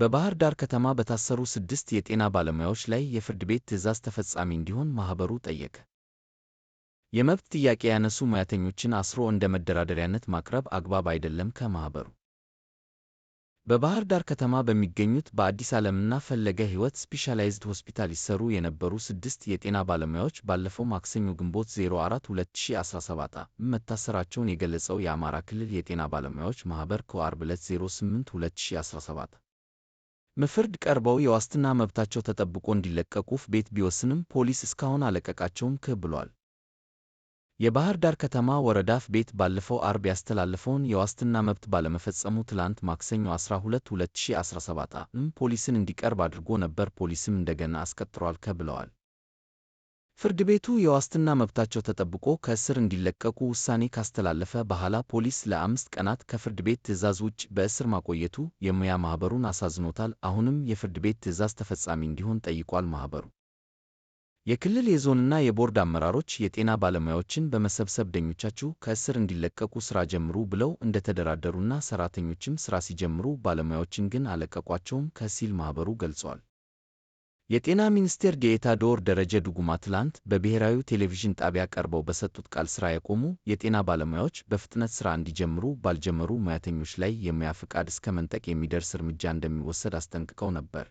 በባህር ዳር ከተማ በታሰሩ ስድስት የጤና ባለሙያዎች ላይ የፍርድ ቤት ትዕዛዝ ተፈጻሚ እንዲሆን ማኅበሩ ጠየቀ። የመብት ጥያቄ ያነሱ ሙያተኞችን አስሮ እንደ መደራደሪያነት ማቅረብ አግባብ አይደለም ከማኅበሩ በባህር ዳር ከተማ በሚገኙት በአዲስ ዓለምና ፈለገ ሕይወት ስፔሻላይዝድ ሆስፒታል ይሰሩ የነበሩ ስድስት የጤና ባለሙያዎች ባለፈው ማክሰኞ ግንቦት 04 2017 ዓ.ም መታሰራቸውን የገለጸው የአማራ ክልል የጤና ባለሙያዎች ማኅበር ከዓርብ ዕለት 08 2017 ምፍርድ ቀርበው የዋስትና መብታቸው ተጠብቆ እንዲለቀቁ ቤት ቢወስንም ፖሊስ እስካሁን አለቀቃቸውም ክ ብሏል። የባሕር ዳር ከተማ ወረዳ ፍርድ ቤት ባለፈው አርብ ያስተላለፈውን የዋስትና መብት ባለመፈጸሙ ትላንት ማክሰኞ 12/2017 ዓ.ም ፖሊስን እንዲቀርብ አድርጎ ነበር ፖሊስም እንደገና አስቀጥሯል ክ ብለዋል። ፍርድ ቤቱ የዋስትና መብታቸው ተጠብቆ ከእስር እንዲለቀቁ ውሳኔ ካስተላለፈ በኋላ ፖሊስ ለአምስት ቀናት ከፍርድ ቤት ትዕዛዝ ውጭ በእስር ማቆየቱ የሙያ ማኅበሩን አሳዝኖታል። አሁንም የፍርድ ቤት ትዕዛዝ ተፈጻሚ እንዲሆን ጠይቋል። ማኅበሩ የክልል የዞንና የቦርድ አመራሮች የጤና ባለሙያዎችን በመሰብሰብ ደኞቻችሁ ከእስር እንዲለቀቁ ሥራ ጀምሩ ብለው እንደተደራደሩና ሠራተኞችም ሥራ ሲጀምሩ ባለሙያዎችን ግን አለቀቋቸውም ከሲል ማኅበሩ ገልጿል። የጤና ሚኒስቴር ዴኤታ ዶር ደረጀ ዱጉማ ትላንት በብሔራዊ ቴሌቪዥን ጣቢያ ቀርበው በሰጡት ቃል ሥራ የቆሙ የጤና ባለሙያዎች በፍጥነት ሥራ እንዲጀምሩ ባልጀመሩ ሙያተኞች ላይ የሙያ ፍቃድ እስከ መንጠቅ የሚደርስ እርምጃ እንደሚወሰድ አስጠንቅቀው ነበር።